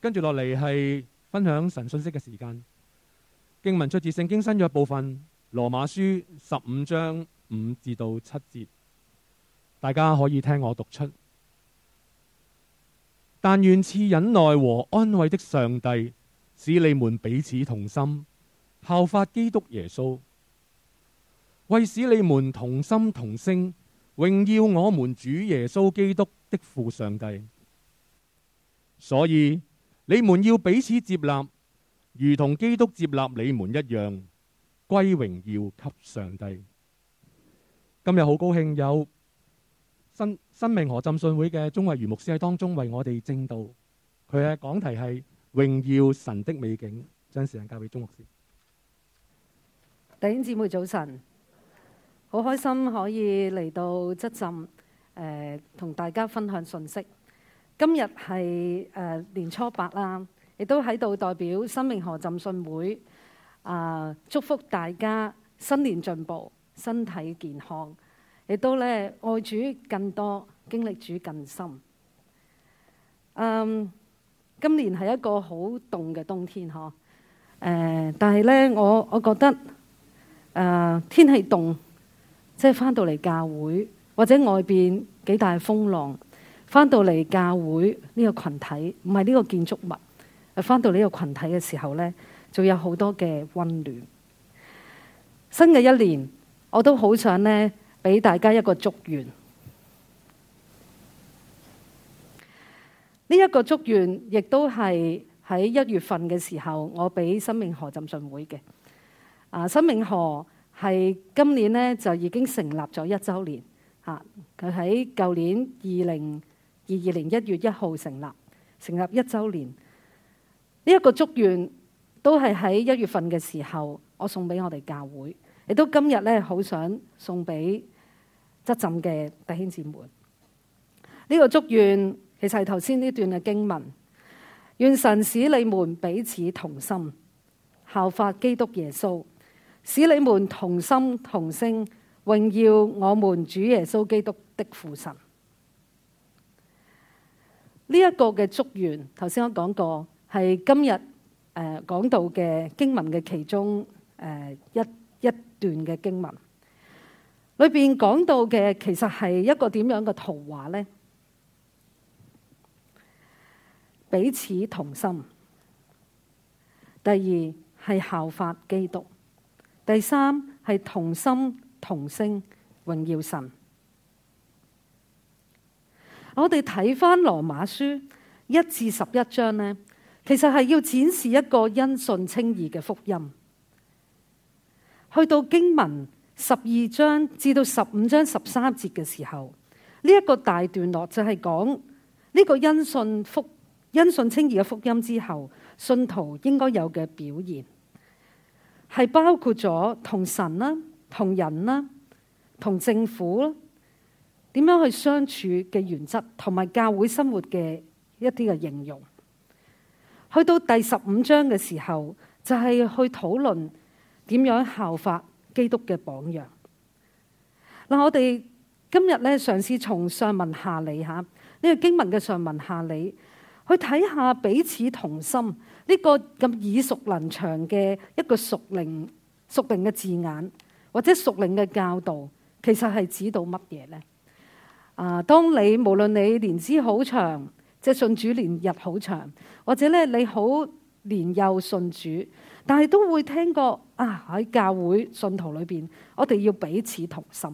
跟住落嚟係分享神信息嘅時間。經文出自聖經新約部分羅馬書十五章五至到七節，大家可以聽我讀出。但願賜忍耐和安慰的上帝，使你們彼此同心，效法基督耶穌，為使你們同心同聲，榮耀我們主耶穌基督的父上帝。所以。你們要彼此接納，如同基督接納你們一樣，歸榮耀給上帝。今日好高興有新新明河浸信會嘅鍾慧如牧師喺當中為我哋證道。佢嘅講題係榮耀神的美景。將時間交俾鍾牧師。弟兄姊妹早晨，好開心可以嚟到執浸，誒，同大家分享信息。今日係誒、呃、年初八啦，亦都喺度代表生命河浸信會啊、呃，祝福大家新年進步，身體健康，亦都咧愛主更多，經歷主更深。嗯，今年係一個好凍嘅冬天呵。誒、呃，但係咧我我覺得誒、呃、天氣凍，即係翻到嚟教會或者外邊幾大風浪。返到嚟教會呢個群體，唔係呢個建築物，返到呢個群體嘅時候咧，就有好多嘅溫暖。新嘅一年，我都好想咧，俾大家一個祝願。呢一個祝願，亦都係喺一月份嘅時候，我俾生命河浸信會嘅。啊，生命河係今年咧就已經成立咗一周年。啊，佢喺舊年二零。二二年一月一號成立，成立一周年。呢、這、一個祝願都係喺一月份嘅時候，我送俾我哋教會，亦都今日呢好想送俾執浸嘅弟兄姊妹。呢、這個祝願其實係頭先呢段嘅經文，願神使你們彼此同心，效法基督耶穌，使你們同心同聲，榮耀我們主耶穌基督的父神。呢一個嘅祝願，頭先我講過，係今日誒講到嘅經文嘅其中誒一一段嘅經文，裏邊講到嘅其實係一個點樣嘅圖畫呢？彼此同心，第二係效法基督，第三係同心同聲榮耀神。我哋睇翻羅馬書一至十一章呢，其實係要展示一個因信稱義嘅福音。去到經文十二章至到十五章十三節嘅時候，呢、這、一個大段落就係講呢個因信福因信稱義嘅福音之後，信徒應該有嘅表現，係包括咗同神啦、同人啦、同政府點樣去相處嘅原則，同埋教會生活嘅一啲嘅應用。去到第十五章嘅時候，就係、是、去討論點樣效法基督嘅榜樣。嗱，我哋今日咧嘗試從上文下理吓呢、這個經文嘅上文下理，去睇下彼此同心呢、這個咁耳熟能詳嘅一個屬靈屬靈嘅字眼，或者屬靈嘅教導，其實係指到乜嘢呢？啊！當你無論你年資好長，即係信主年日好長，或者咧你好年幼信主，但係都會聽過啊！喺教會信徒裏邊，我哋要彼此同心。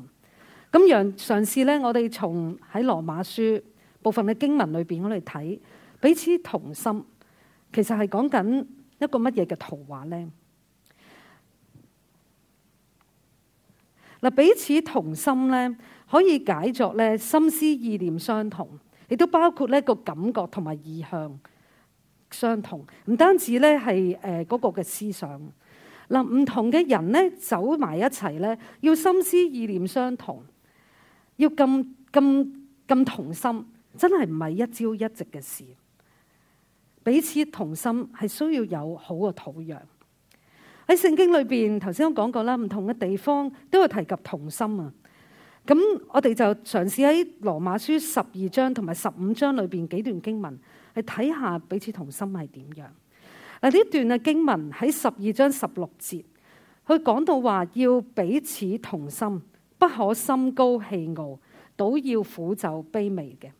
咁樣上次咧，我哋從喺羅馬書部分嘅經文裏邊，我哋睇彼此同心，其實係講緊一個乜嘢嘅圖畫咧？嗱，彼此同心咧。可以解作咧心思意念相同，亦都包括咧個感覺同埋意向相同，唔單止咧係誒嗰個嘅思想。嗱、呃、唔同嘅人咧走埋一齊咧，要心思意念相同，要咁咁咁同心，真係唔係一朝一夕嘅事。彼此同心係需要有好嘅土壤。喺聖經裏邊，頭先我講過啦，唔同嘅地方都有提及同心啊。咁我哋就嘗試喺羅馬書十二章同埋十五章裏邊幾段經文，去睇下彼此同心係點樣。嗱，呢段嘅經文喺十二章十六節，佢講到話要彼此同心，不可心高氣傲，倒要俯就卑微嘅。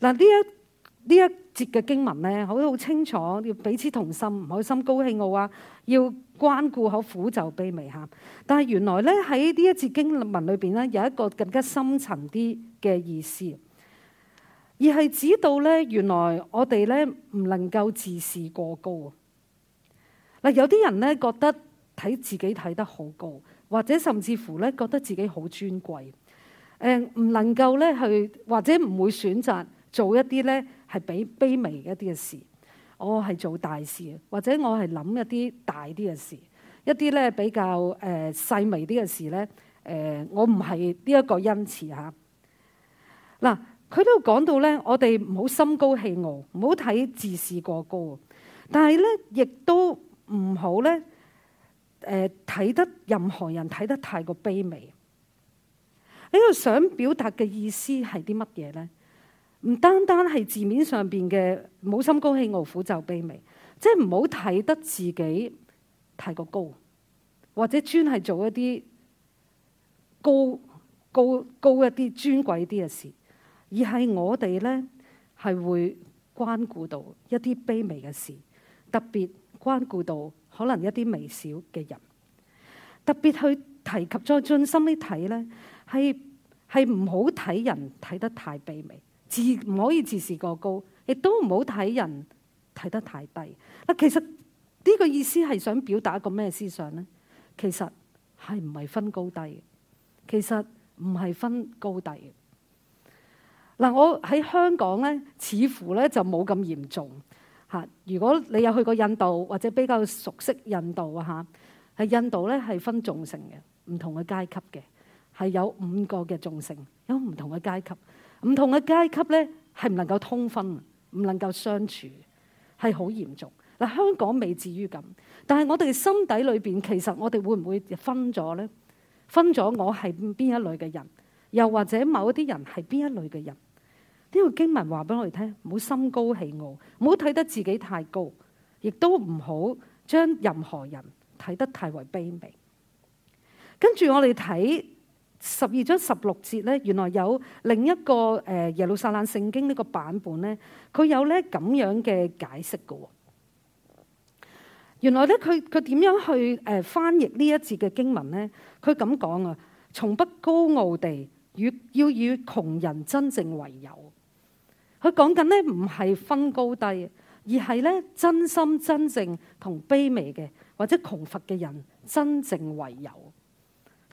嗱，呢一呢一節嘅經文咧，我好清楚，要彼此同心，唔好心高氣傲啊，要關顧好苦就卑微吓。但係原來咧喺呢一節經文裏邊咧，有一個更加深層啲嘅意思，而係指到咧原來我哋咧唔能夠自視過高啊。嗱，有啲人咧覺得睇自己睇得好高，或者甚至乎咧覺得自己好尊貴，誒、呃、唔能夠咧去或者唔會選擇做一啲咧。係比卑微一啲嘅事，我係做大事，或者我係諗一啲大啲嘅事，一啲咧比較誒、細、呃、微啲嘅事咧，誒、呃、我唔係呢一個恩賜吓。嗱，佢都講到咧，我哋唔好心高氣傲，唔好睇自視過高，但係咧亦都唔好咧，誒、呃、睇得任何人睇得太過卑微。呢個想表達嘅意思係啲乜嘢咧？唔單單係字面上邊嘅冇心高氣傲、俯就卑微，即係唔好睇得自己太過高，或者專係做一啲高高高一啲尊貴啲嘅事，而係我哋咧係會關顧到一啲卑微嘅事，特別關顧到可能一啲微小嘅人，特別去提及再盡心啲睇咧，係係唔好睇人睇得太卑微。自唔可以自視過高，亦都唔好睇人睇得太低。嗱，其實呢個意思係想表達一個咩思想咧？其實係唔係分高低嘅？其實唔係分高低嘅。嗱，我喺香港咧，似乎咧就冇咁嚴重嚇。如果你有去過印度或者比較熟悉印度啊嚇，喺印度咧係分種姓嘅，唔同嘅階級嘅，係有五個嘅種姓，有唔同嘅階級。唔同嘅階級咧，係唔能夠通婚，唔能夠相處，係好嚴重。嗱，香港未至於咁，但係我哋心底裏邊，其實我哋會唔會分咗呢？分咗，我係邊一類嘅人，又或者某一啲人係邊一類嘅人？呢個經文話俾我哋聽，唔好心高氣傲，唔好睇得自己太高，亦都唔好將任何人睇得太為卑微。跟住我哋睇。十二章十六節咧，原來有另一個誒耶路撒冷聖經呢個版本咧，佢有咧咁樣嘅解釋嘅。原來咧，佢佢點樣去誒翻譯呢一節嘅經文咧？佢咁講啊，從不高傲地與要與窮人真正為友。佢講緊咧，唔係分高低，而係咧真心真正同卑微嘅或者窮乏嘅人真正為友。.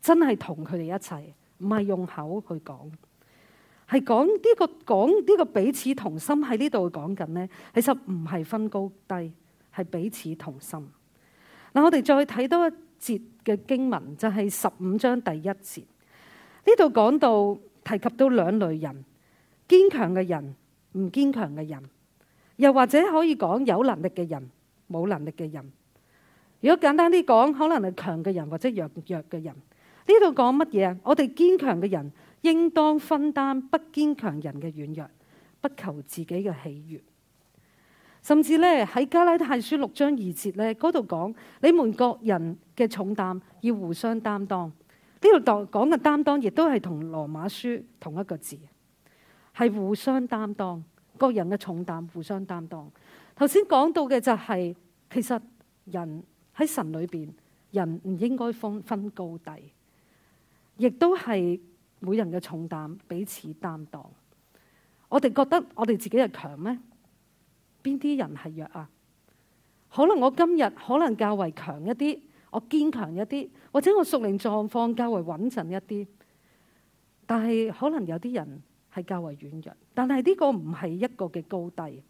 真係同佢哋一齊，唔係用口去講，係講呢個講呢個彼此同心，喺呢度講緊呢，其實唔係分高低，係彼此同心。嗱，我哋再睇多一節嘅經文，就係十五章第一節。呢度講到提及到兩類人：堅強嘅人，唔堅強嘅人；又或者可以講有能力嘅人，冇能力嘅人。如果簡單啲講，可能係強嘅人或者弱弱嘅人。呢度講乜嘢？我哋堅強嘅人應當分擔不堅強人嘅軟弱，不求自己嘅喜悅。甚至咧喺加拉太書六章二節咧嗰度講，你們各人嘅重擔要互相擔當。呢度度講嘅擔當，亦都係同羅馬書同一個字，係互相擔當，各人嘅重擔互相擔當。頭先講到嘅就係、是，其實人喺神裏邊，人唔應該分分高低。亦都係每人嘅重擔，彼此擔當。我哋覺得我哋自己係強咩？邊啲人係弱啊？可能我今日可能較為強一啲，我堅強一啲，或者我熟齡狀況較為穩陣一啲。但係可能有啲人係較為軟弱。但係呢個唔係一個嘅高低。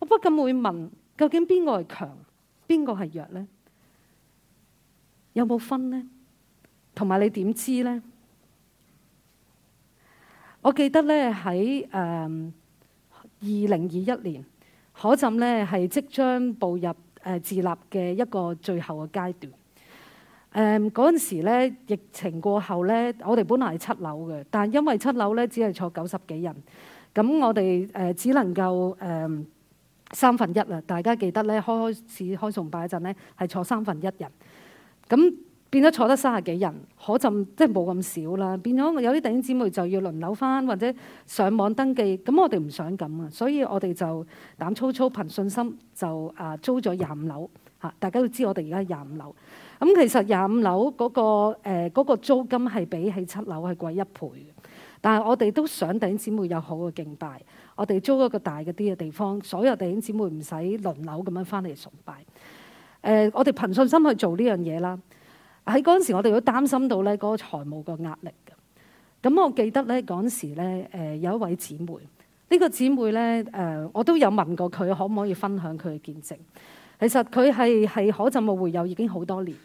我不禁會問：究竟邊個係強，邊個係弱呢？有冇分呢？同埋你點知咧？我記得咧喺誒二零二一年，可浸咧係即將步入誒、呃、自立嘅一個最後嘅階段。誒嗰陣時咧，疫情過後咧，我哋本來係七樓嘅，但因為七樓咧只係坐九十幾人，咁我哋誒、呃、只能夠誒、呃、三分一啦。大家記得咧，開開始開崇拜嗰陣咧，係坐三分一人，咁。變咗坐得三十幾人，可就即係冇咁少啦。變咗有啲弟兄姊妹就要輪流翻，或者上網登記。咁我哋唔想咁啊，所以我哋就膽粗粗憑信心就啊租咗廿五樓嚇。大家都知我哋而家廿五樓。咁其實廿五樓嗰、嗰個誒、呃嗰個、租金係比起七樓係貴一倍嘅。但係我哋都想弟兄姊妹有好嘅敬拜，我哋租一個大嘅啲嘅地方，所有弟兄姊妹唔使輪流咁樣翻嚟崇拜。誒、呃，我哋憑信心去做呢樣嘢啦。喺嗰陣時，我哋都擔心到咧嗰個財務個壓力嘅。咁我記得咧嗰陣時咧，誒、呃、有一位姊妹，這個、姐妹呢個姊妹咧誒，我都有問過佢可唔可以分享佢嘅見證。其實佢係係可浸嘅會友已經好多年。誒、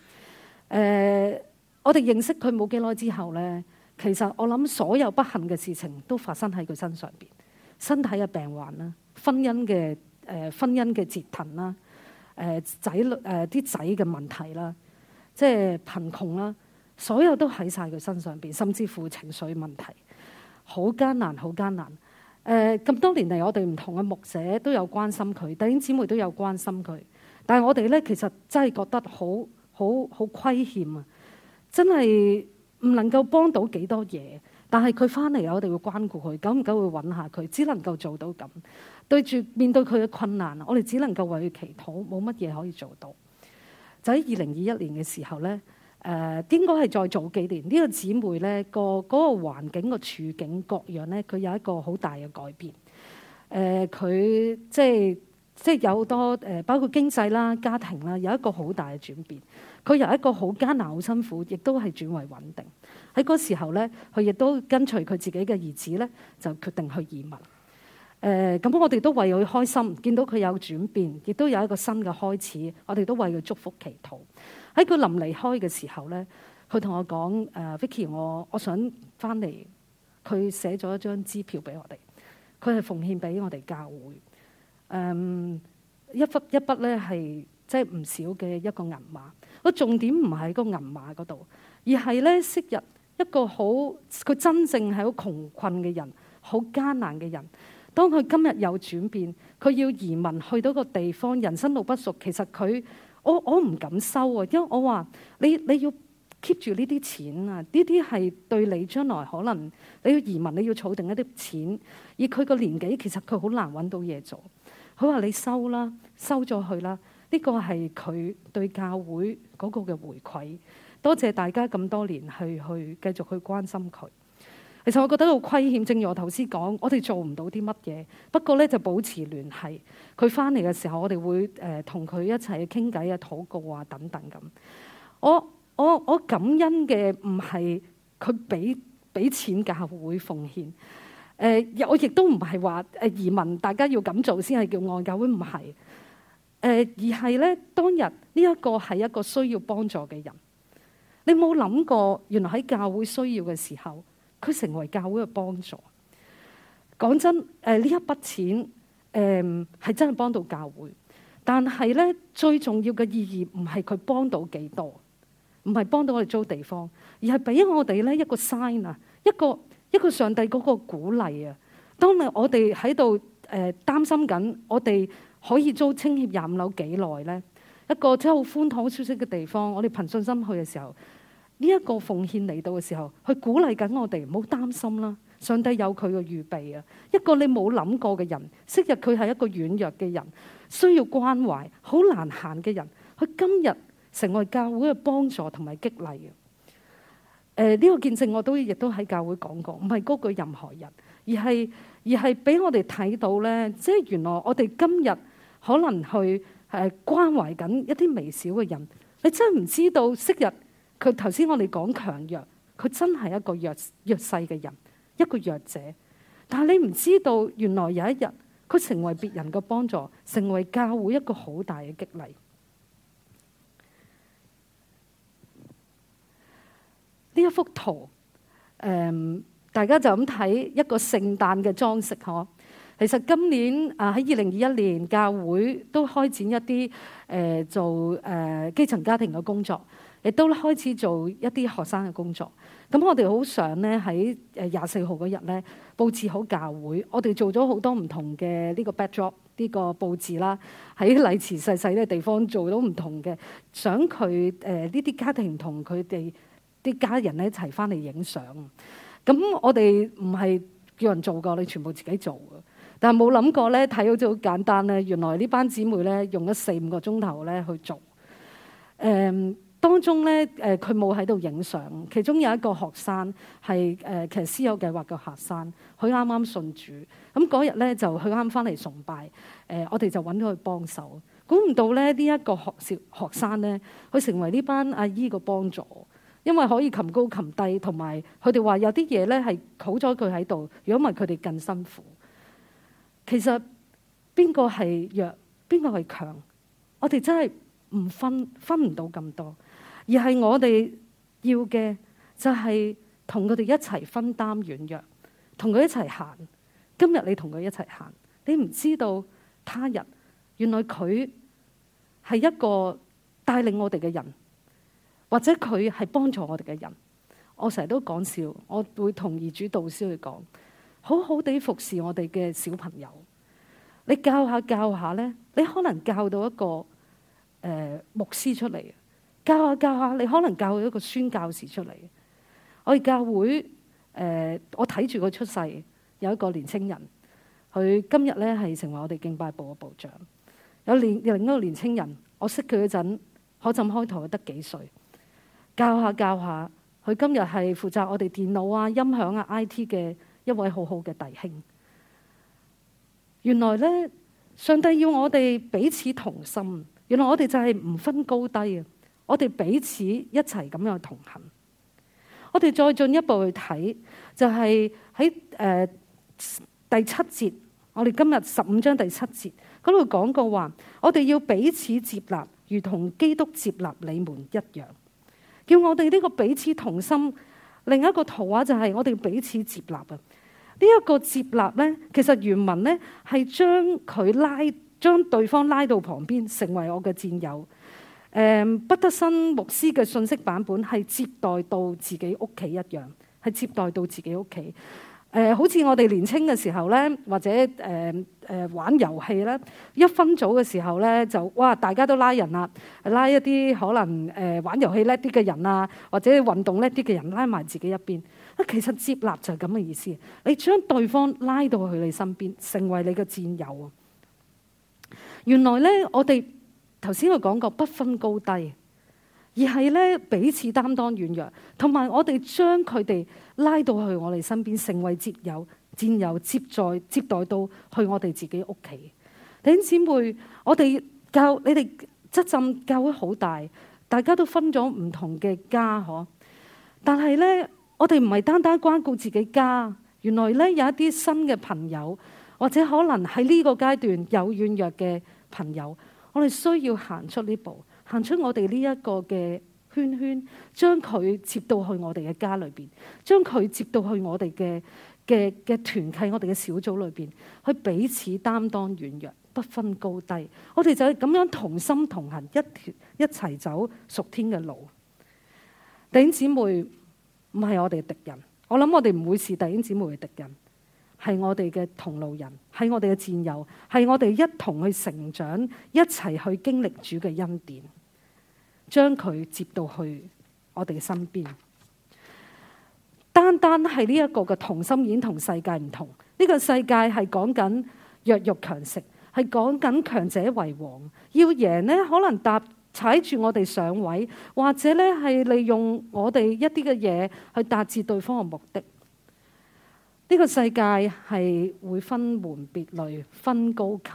呃，我哋認識佢冇幾耐之後咧，其實我諗所有不幸嘅事情都發生喺佢身上邊，身體嘅病患啦，婚姻嘅誒、呃、婚姻嘅折騰啦，誒仔女誒啲仔嘅問題啦。即係貧窮啦，所有都喺晒佢身上邊，甚至乎情緒問題，好艱難，好艱難。誒、呃、咁多年嚟，我哋唔同嘅牧者都有關心佢，弟兄姊妹都有關心佢。但係我哋咧，其實真係覺得好好好虧欠啊！真係唔能夠幫到幾多嘢，但係佢翻嚟，我哋會關顧佢，久唔久會揾下佢，只能夠做到咁。對住面對佢嘅困難，我哋只能夠為佢祈禱，冇乜嘢可以做到。就喺二零二一年嘅時候呢，誒、應該係再早幾年呢、呢個姐妹呢，個、那、嗰個環境、那個處境各樣呢，佢有一個好大嘅改變。誒、呃、佢即係有好多、呃、包括經濟啦、家庭啦，有一個好大嘅轉變。佢由一個好艱難、好辛苦，亦都係轉為穩定，喺嗰時候呢，佢亦都跟隨佢自己嘅兒子呢，就決定去移民。誒咁，呃、我哋都為佢開心，見到佢有轉變，亦都有一個新嘅開始。我哋都為佢祝福祈禱，喺佢臨離開嘅時候咧，佢同我講：誒、呃、Vicky，我我想翻嚟。佢寫咗一張支票俾我哋，佢係奉獻俾我哋教會。誒、嗯、一筆一筆咧，係即係唔少嘅一個銀碼。個重點唔喺嗰個銀碼嗰度，而係咧，昔日一個好佢真正係好窮困嘅人，好艱難嘅人。當佢今日有轉變，佢要移民去到個地方，人生路不熟。其實佢我我唔敢收啊，因為我話你你要 keep 住呢啲錢啊，呢啲係對你將來可能你要移民，你要儲定一啲錢。以佢個年紀其實佢好難揾到嘢做。佢話你收啦，收咗佢啦。呢個係佢對教會嗰個嘅回饋。多謝大家咁多年去去繼續去關心佢。其實我覺得好虧欠，正如我頭先講，我哋做唔到啲乜嘢，不過咧就保持聯繫。佢翻嚟嘅時候，我哋會誒同佢一齊傾偈啊、禱告啊等等咁。我我我感恩嘅唔係佢俾俾錢教會奉獻，誒、呃，我亦都唔係話誒移民大家要咁做先係叫愛教會，唔係誒，而係咧當日呢一個係一個需要幫助嘅人。你冇諗過原來喺教會需要嘅時候，佢成為教會嘅幫助。講真，誒、呃、呢一筆錢，誒、呃、係真係幫到教會。但係咧，最重要嘅意義唔係佢幫到幾多，唔係幫到我哋租地方，而係俾我哋咧一個 sign 啊，一個一個上帝嗰個鼓勵啊。當我哋喺度誒擔心緊，我哋可以租青協廿五樓幾耐咧？一個真係好寬敞、好舒適嘅地方，我哋憑信心去嘅時候。呢一個奉獻嚟到嘅時候，佢鼓勵緊我哋唔好擔心啦。上帝有佢嘅預備啊！一個你冇諗過嘅人，昔日佢係一個軟弱嘅人，需要關懷、好難行嘅人，佢今日成為教會嘅幫助同埋激勵嘅。誒，呢個見證我都亦都喺教會講過，唔係高舉任何人，而係而係俾我哋睇到咧，即係原來我哋今日可能去誒關懷緊一啲微小嘅人，你真係唔知道昔日。佢頭先我哋講強弱，佢真係一個弱弱勢嘅人，一個弱者。但係你唔知道，原來有一日佢成為別人嘅幫助，成為教會一個好大嘅激勵。呢一幅圖，誒、呃，大家就咁睇一個聖誕嘅裝飾嗬。其實今年啊喺二零二一年，教會都開展一啲誒、呃、做誒、呃、基層家庭嘅工作。亦都開始做一啲學生嘅工作。咁我哋好想咧，喺誒廿四號嗰日咧，佈置好教會。我哋做咗好多唔同嘅呢個 backdrop，呢個佈置啦，喺禮池細細嘅地方做到唔同嘅。想佢誒呢啲家庭同佢哋啲家人咧，一齊翻嚟影相。咁我哋唔係叫人做過，我哋全部自己做。但係冇諗過咧，睇好似好簡單咧。原來呢班姊妹咧用咗四五個鐘頭咧去做。誒、嗯。當中咧，誒佢冇喺度影相。其中有一個學生係誒、呃、其實私有計劃嘅學生，佢啱啱信主。咁嗰日咧就佢啱啱翻嚟崇拜，誒、呃、我哋就揾咗佢幫手。估唔到咧呢一、這個學小學生咧，佢成為呢班阿姨嘅幫助，因為可以擒高擒低，同埋佢哋話有啲嘢咧係靠咗佢喺度，如果唔係佢哋更辛苦。其實邊個係弱，邊個係強，我哋真係唔分分唔到咁多。而係我哋要嘅，就係同佢哋一齊分擔軟弱，同佢一齊行。今日你同佢一齊行，你唔知道他人，原來佢係一個帶領我哋嘅人，或者佢係幫助我哋嘅人。我成日都講笑，我會同兒主導師去講，好好地服侍我哋嘅小朋友。你教下教下咧，你可能教到一個誒、呃、牧師出嚟。教下教下，你可能教一個宣教士出嚟。我哋教會誒、呃，我睇住佢出世有一個年青人，佢今日呢係成為我哋敬拜部嘅部長。有年另一個年青人，我識佢嗰陣，可浸開頭得幾歲。教下教下，佢今日係負責我哋電腦啊、音響啊、I T 嘅一位好好嘅弟兄。原來呢，上帝要我哋彼此同心。原來我哋就係唔分高低啊！我哋彼此一齊咁樣同行。我哋再進一步去睇，就係喺第七節，我哋今日十五章第七節嗰度講過話，我哋要彼此接納，如同基督接納你們一樣。叫我哋呢個彼此同心。另一個圖畫就係我哋彼此接納啊。呢一個接納呢，其實原文呢係將佢拉，將對方拉到旁邊，成為我嘅戰友。誒，彼、嗯、得新牧師嘅信息版本係接待到自己屋企一樣，係接待到自己屋企。誒、呃，好似我哋年輕嘅時候咧，或者誒誒、呃呃、玩遊戲咧，一分組嘅時候咧，就哇大家都拉人啦，拉一啲可能誒、呃、玩遊戲叻啲嘅人啊，或者運動叻啲嘅人拉埋自己一邊。啊，其實接納就係咁嘅意思，你將對方拉到去你身邊，成為你嘅戰友啊！原來咧，我哋。頭先我講過不分高低，而係咧，彼此擔當軟弱，同埋我哋將佢哋拉到去我哋身邊，成為摯友、戰友接載、接待到去我哋自己屋企。弟兄姊妹，我哋教你哋執浸教會好大，大家都分咗唔同嘅家可，但係咧，我哋唔係單單關顧自己家。原來咧，有一啲新嘅朋友，或者可能喺呢個階段有軟弱嘅朋友。我哋需要行出呢步，行出我哋呢一個嘅圈圈，將佢接到去我哋嘅家裏邊，將佢接到去我哋嘅嘅嘅團契、我哋嘅小組裏邊，去彼此擔當軟弱，不分高低。我哋就係咁樣同心同行，一條一齊走屬天嘅路。弟兄姊妹唔係我哋嘅敵人，我諗我哋唔會是弟兄姊妹嘅敵人。係我哋嘅同路人，係我哋嘅戰友，係我哋一同去成長，一齊去經歷主嘅恩典，將佢接到去我哋嘅身邊。單單係呢一個嘅同心已經同世界唔同。呢個世界係講緊弱肉強食，係講緊強者為王。要贏呢，可能踏踩住我哋上位，或者咧係利用我哋一啲嘅嘢去達至對方嘅目的。呢個世界係會分門別類，分高級。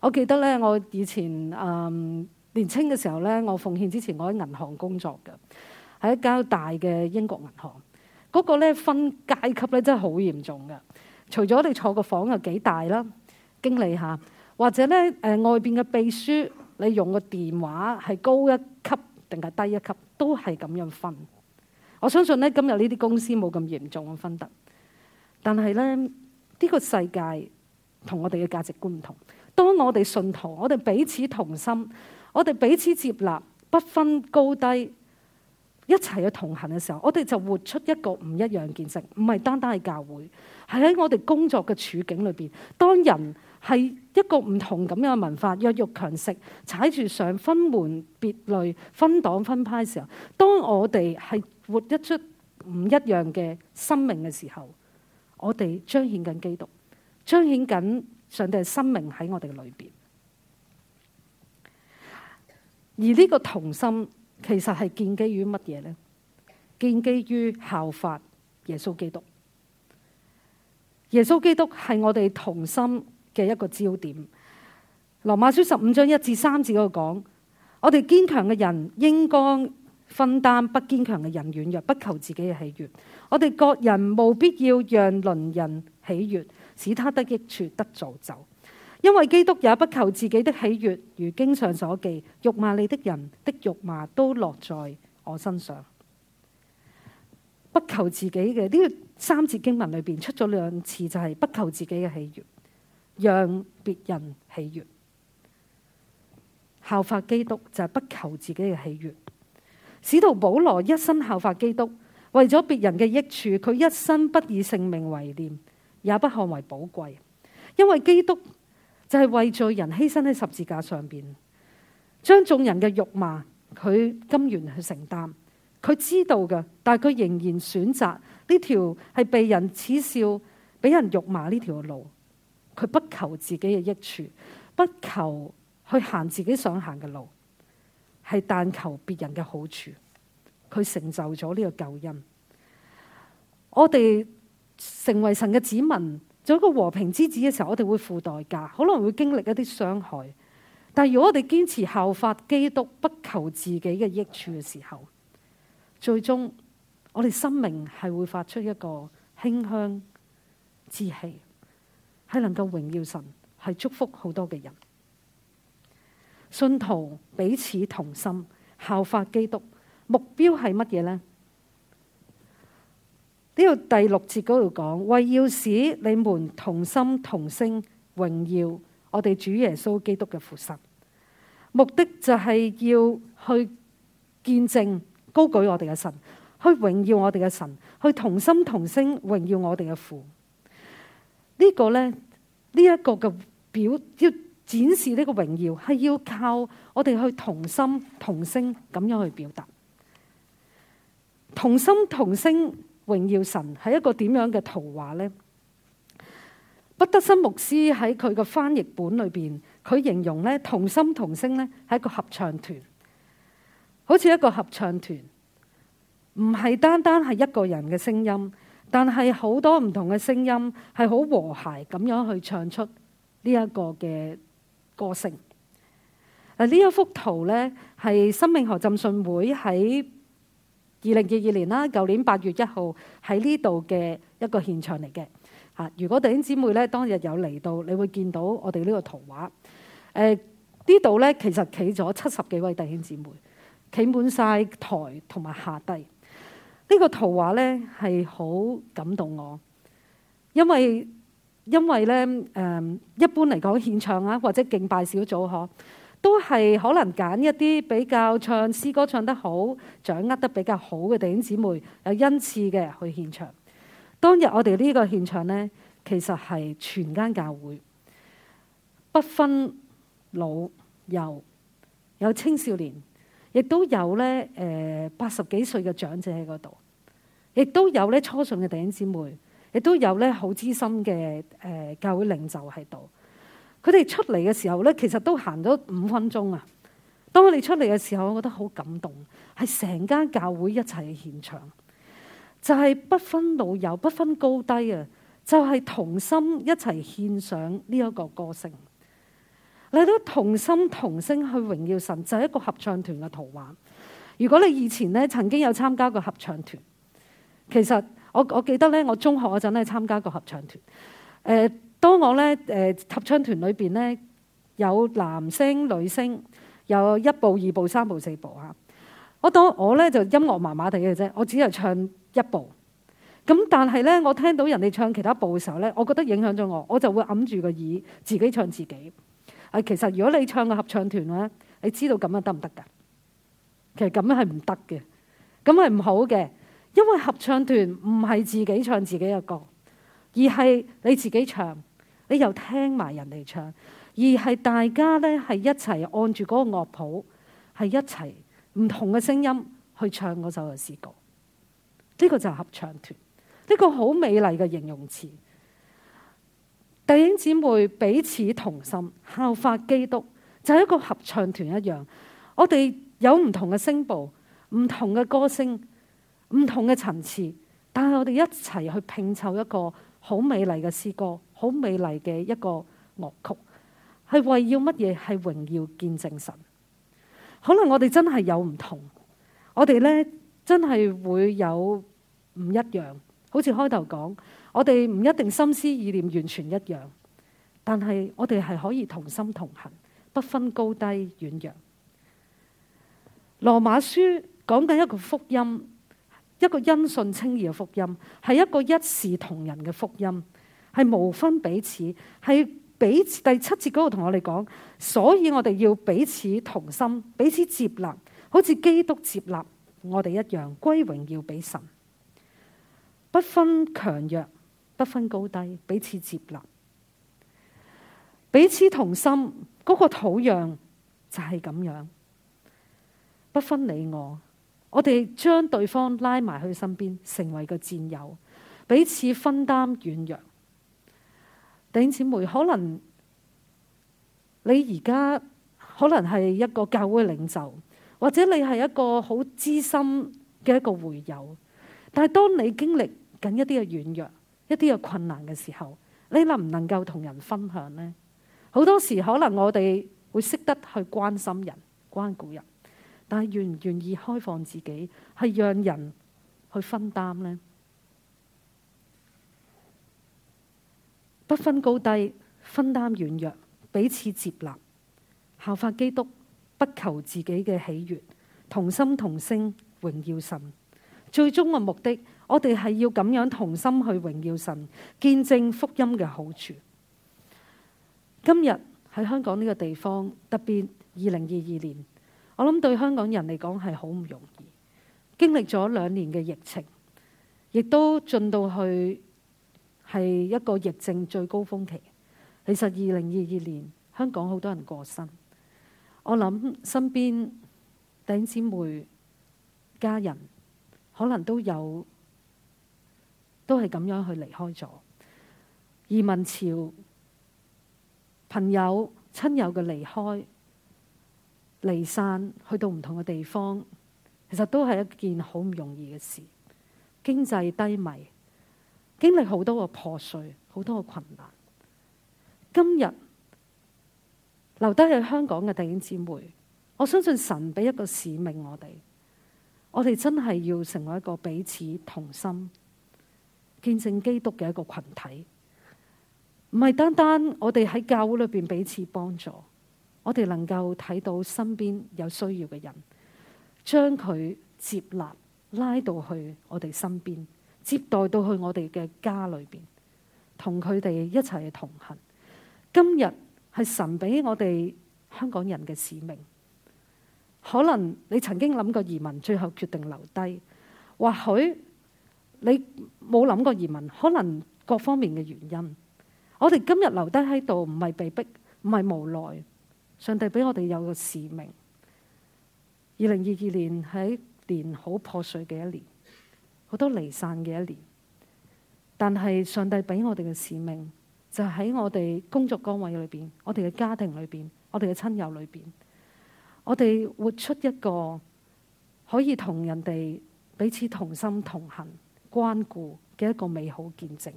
我記得咧，我以前誒、嗯、年青嘅時候咧，我奉獻之前，我喺銀行工作嘅，喺一間大嘅英國銀行嗰、那個咧分階級咧真係好嚴重嘅。除咗你坐個房有幾大啦，經理嚇，或者咧誒、呃、外邊嘅秘書，你用個電話係高一級定係低一級，都係咁樣分。我相信咧，今日呢啲公司冇咁嚴重嘅分得。但係咧，呢、這個世界同我哋嘅價值觀唔同。當我哋信徒，我哋彼此同心，我哋彼此接納，不分高低，一齊去同行嘅時候，我哋就活出一個唔一樣嘅見證。唔係單單係教會，係喺我哋工作嘅處境裏邊。當人係一個唔同咁樣嘅文化，弱肉強食，踩住上分門別類、分黨分派嘅時候，當我哋係活一出唔一樣嘅生命嘅時候。我哋彰顯緊基督，彰顯緊上帝嘅生命喺我哋裏邊。而呢個同心其實係建基於乜嘢呢？建基於效法耶穌基督。耶穌基督係我哋同心嘅一個焦點。羅馬書十五章一至三節嗰度講，我哋堅強嘅人應該。分擔不堅強嘅人軟弱，不求自己嘅喜悅。我哋各人冇必要讓鄰人喜悅，使他得益處得造就。因為基督也不求自己的喜悅，如經上所記：辱罵你的人的辱罵都落在我身上。不求自己嘅，呢三節經文裏邊出咗兩次，就係、是、不求自己嘅喜悅，讓別人喜悅。效法基督就係不求自己嘅喜悅。使徒保羅一生效法基督，為咗別人嘅益處，佢一生不以性命為念，也不看為寶貴，因為基督就係為罪人犧牲喺十字架上邊，將眾人嘅辱罵佢甘願去承擔。佢知道嘅，但係佢仍然選擇呢條係被人恥笑、俾人辱罵呢條路。佢不求自己嘅益處，不求去行自己想行嘅路。係但求別人嘅好處，佢成就咗呢個救恩。我哋成為神嘅子民，做一個和平之子嘅時候，我哋會付代價，可能會經歷一啲傷害。但如果我哋堅持效法基督，不求自己嘅益處嘅時候，最終我哋生命係會發出一個馨香之氣，係能夠榮耀神，係祝福好多嘅人。信徒彼此同心，效法基督，目標係乜嘢呢？呢度第六節嗰度講，為要使你們同心同聲，榮耀我哋主耶穌基督嘅父神。目的就係要去見證、高舉我哋嘅神，去榮耀我哋嘅神，去同心同聲榮耀我哋嘅父。呢個呢，呢一個嘅表展示呢個榮耀係要靠我哋去同心同聲咁樣去表達。同心同聲榮耀神係一個點樣嘅圖畫呢？彼得森牧師喺佢嘅翻譯本裏邊，佢形容呢「同心同聲」呢係一個合唱團，好似一個合唱團，唔係單單係一個人嘅聲音，但係好多唔同嘅聲音係好和諧咁樣去唱出呢一個嘅。個呢一幅圖呢，係生命河浸信會喺二零二二年啦，舊年八月一號喺呢度嘅一個現場嚟嘅吓。如果弟兄姊妹呢，當日有嚟到，你會見到我哋呢個圖畫。誒、呃，呢度呢，其實企咗七十幾位弟兄姊妹，企滿晒檯同埋下低。呢、這個圖畫呢，係好感動我，因為。因為咧，誒、嗯、一般嚟講，獻唱啊，或者敬拜小組嗬，都係可能揀一啲比較唱詩歌唱得好、掌握得比較好嘅弟兄姊妹，有恩賜嘅去獻唱。當日我哋呢個獻唱咧，其實係全間教會，不分老幼，有青少年，亦都有咧誒八十幾歲嘅長者喺嗰度，亦都有咧初信嘅弟兄姊妹。亦都有咧好資深嘅誒、呃、教會領袖喺度，佢哋出嚟嘅時候咧，其實都行咗五分鐘啊。當我哋出嚟嘅時候，我覺得好感動，係成間教會一齊去獻唱，就係、是、不分老幼、不分高低啊，就係、是、同心一齊獻上呢一個歌聲。你都同心同聲去榮耀神，就係、是、一個合唱團嘅圖畫。如果你以前咧曾經有參加過合唱團，其實我我記得咧，我中學嗰陣咧參加個合唱團。誒、呃，當我咧誒、呃、合唱團裏邊咧有男聲、女聲，有一部、二部、三部、四部嚇、啊。我當我咧就音樂麻麻地嘅啫，我只係唱一部。咁但係咧，我聽到人哋唱其他部嘅時候咧，我覺得影響咗我，我就會揞住個耳自己唱自己。係、啊、其實如果你唱個合唱團咧，你知道咁樣得唔得㗎？其實咁樣係唔得嘅，咁係唔好嘅。因為合唱團唔係自己唱自己嘅歌，而係你自己唱，你又聽埋人哋唱，而係大家咧係一齊按住嗰個樂譜，係一齊唔同嘅聲音去唱嗰首嘅詩歌。呢個就係合唱團，呢個好美麗嘅形容詞。弟兄姊妹彼此同心，效法基督，就係一個合唱團一樣。我哋有唔同嘅聲部，唔同嘅歌聲。唔同嘅層次，但係我哋一齊去拼湊一個好美麗嘅詩歌，好美麗嘅一個樂曲，係為要乜嘢？係榮耀見證神。可能我哋真係有唔同，我哋呢真係會有唔一樣。好似開頭講，我哋唔一定心思意念完全一樣，但係我哋係可以同心同行，不分高低軟弱。羅馬書講緊一個福音。一個因信稱義嘅福音，係一個一視同仁嘅福音，係無分彼此，係彼此。第七節嗰度同我哋講，所以我哋要彼此同心，彼此接納，好似基督接納我哋一樣，歸榮耀俾神。不分強弱，不分高低，彼此接納，彼此同心。嗰、嗰個土壤就係咁樣，不分你我。我哋將對方拉埋去身邊，成為個戰友，彼此分擔軟弱。弟兄姊妹，可能你而家可能係一個教會領袖，或者你係一個好資深嘅一個會友，但係當你經歷緊一啲嘅軟弱、一啲嘅困難嘅時候，你能唔能夠同人分享呢？好多時可能我哋會識得去關心人、關顧人。但願唔願意開放自己，係讓人去分擔呢？不分高低，分擔軟弱，彼此接納，效法基督，不求自己嘅喜悅，同心同聲榮耀神。最終嘅目的，我哋係要咁樣同心去榮耀神，見證福音嘅好處。今日喺香港呢個地方，特別二零二二年。我諗對香港人嚟講係好唔容易，經歷咗兩年嘅疫情，亦都進到去係一個疫症最高峰期。其實二零二二年，香港好多人過身，我諗身邊頂姊妹家人可能都有都係咁樣去離開咗。移民潮、朋友、親友嘅離開。離散去到唔同嘅地方，其實都係一件好唔容易嘅事。經濟低迷，經歷好多個破碎，好多個困難。今日留低喺香港嘅弟兄姊妹，我相信神俾一個使命我哋，我哋真係要成為一個彼此同心見證基督嘅一個群體，唔係單單我哋喺教會裏面彼此幫助。我哋能夠睇到身邊有需要嘅人，將佢接納拉到去我哋身邊，接待到去我哋嘅家裏邊，同佢哋一齊同行。今日係神俾我哋香港人嘅使命。可能你曾經諗過移民，最後決定留低，或許你冇諗過移民，可能各方面嘅原因。我哋今日留低喺度，唔係被逼，唔係無奈。上帝俾我哋有個使命。二零二二年係年好破碎嘅一年，好多離散嘅一年。但係上帝俾我哋嘅使命，就喺我哋工作崗位裏邊、我哋嘅家庭裏邊、我哋嘅親友裏邊，我哋活出一個可以同人哋彼此同心同行、關顧嘅一個美好見證，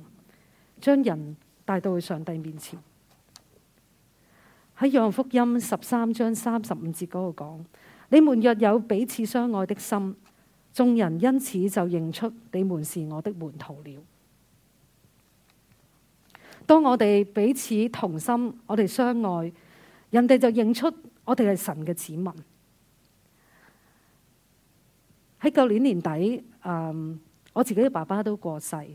將人帶到去上帝面前。喺《約翰福音》十三章三十五節嗰度講：你們若有彼此相愛的心，衆人因此就認出你們是我的門徒了。當我哋彼此同心，我哋相愛，人哋就認出我哋係神嘅子民。喺舊年年底，um, 我自己嘅爸爸都過世，咁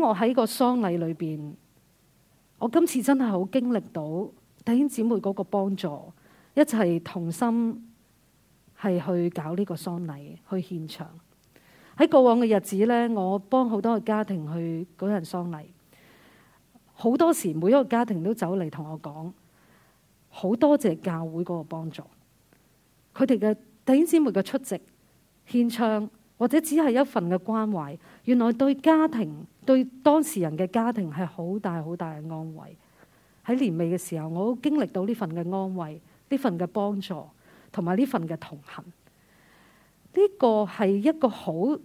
我喺個喪禮裏邊。我今次真係好經歷到弟兄姊妹嗰個幫助，一齊同心係去搞呢個喪禮，去獻唱。喺過往嘅日子呢，我幫好多個家庭去舉行喪禮，好多時每一個家庭都走嚟同我講，好多謝教會嗰個幫助，佢哋嘅弟兄姊妹嘅出席獻唱，或者只係一份嘅關懷。原來對家庭，對當事人嘅家庭係好大好大嘅安慰。喺年尾嘅時候，我都經歷到呢份嘅安慰、呢份嘅幫助同埋呢份嘅同行。呢、這個係一個好喪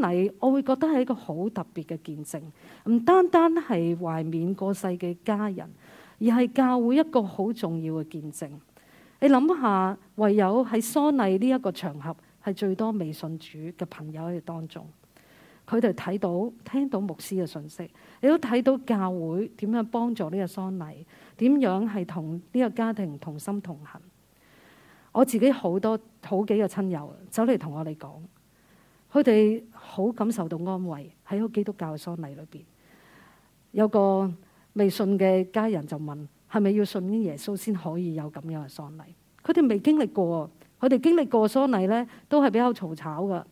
禮，我會覺得係一個好特別嘅見證。唔單單係懷念過世嘅家人，而係教會一個好重要嘅見證。你諗下，唯有喺喪禮呢一個場合係最多未信主嘅朋友喺當中。佢哋睇到、聽到牧師嘅信息，亦都睇到教會點樣幫助呢個喪禮，點樣係同呢個家庭同心同行。我自己好多好幾個親友走嚟同我哋講，佢哋好感受到安慰喺個基督教嘅喪禮裏邊。有個未信嘅家人就問：係咪要信耶穌先可以有咁樣嘅喪禮？佢哋未經歷過，佢哋經歷過喪禮咧，都係比較嘈吵噶，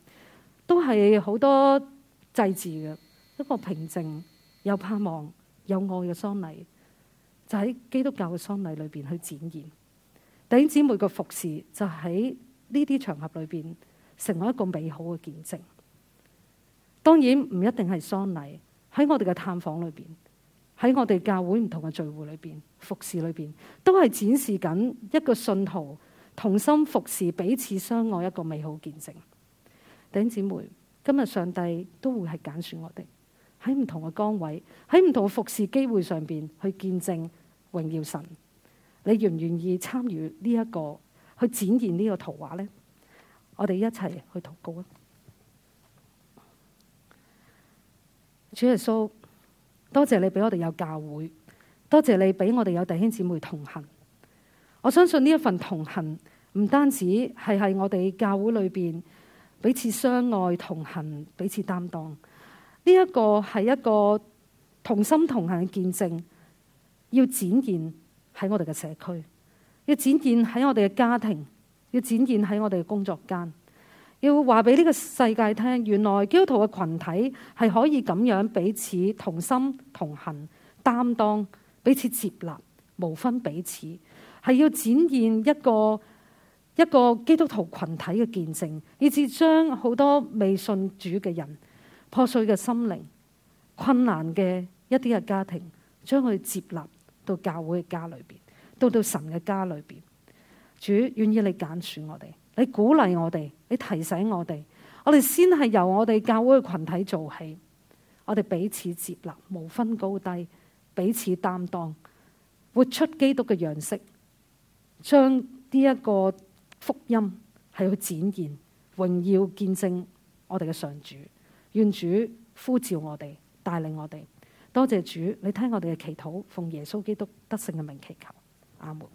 都係好多。祭祀嘅一個平靜又盼望有愛嘅喪禮，就喺基督教嘅喪禮裏邊去展現。弟兄姊妹嘅服侍就喺呢啲場合裏邊，成為一個美好嘅見證。當然唔一定係喪禮，喺我哋嘅探訪裏邊，喺我哋教會唔同嘅聚會裏邊，服侍裏邊都係展示緊一個信徒同心服侍彼此相愛一個美好見證。弟兄姊妹。今日上帝都會係揀選我哋，喺唔同嘅崗位，喺唔同嘅服侍機會上邊去見證榮耀神。你願唔願意參與呢、這、一個去展現呢個圖畫呢？我哋一齊去禱告啊！主耶穌，多謝你俾我哋有教會，多謝你俾我哋有弟兄姊妹同行。我相信呢一份同行，唔單止係喺我哋教會裏邊。彼此相愛同行，彼此擔當，呢一個係一個同心同行嘅見證。要展現喺我哋嘅社區，要展現喺我哋嘅家庭，要展現喺我哋嘅工作間，要話俾呢個世界聽，原來基督徒嘅群體係可以咁樣彼此同心同行、擔當、彼此接納，無分彼此，係要展現一個。一個基督徒群體嘅見證，以至將好多未信主嘅人破碎嘅心靈、困難嘅一啲嘅家庭，將佢接納到教會嘅家裏邊，到到神嘅家裏邊。主願意你揀選我哋，你鼓勵我哋，你提醒我哋，我哋先係由我哋教會嘅群體做起，我哋彼此接納，無分高低，彼此擔當，活出基督嘅樣式，將呢一個。福音係去展現榮耀見證我哋嘅上主，願主呼召我哋帶領我哋，多謝主，你聽我哋嘅祈禱，奉耶穌基督得勝嘅名祈求，阿門。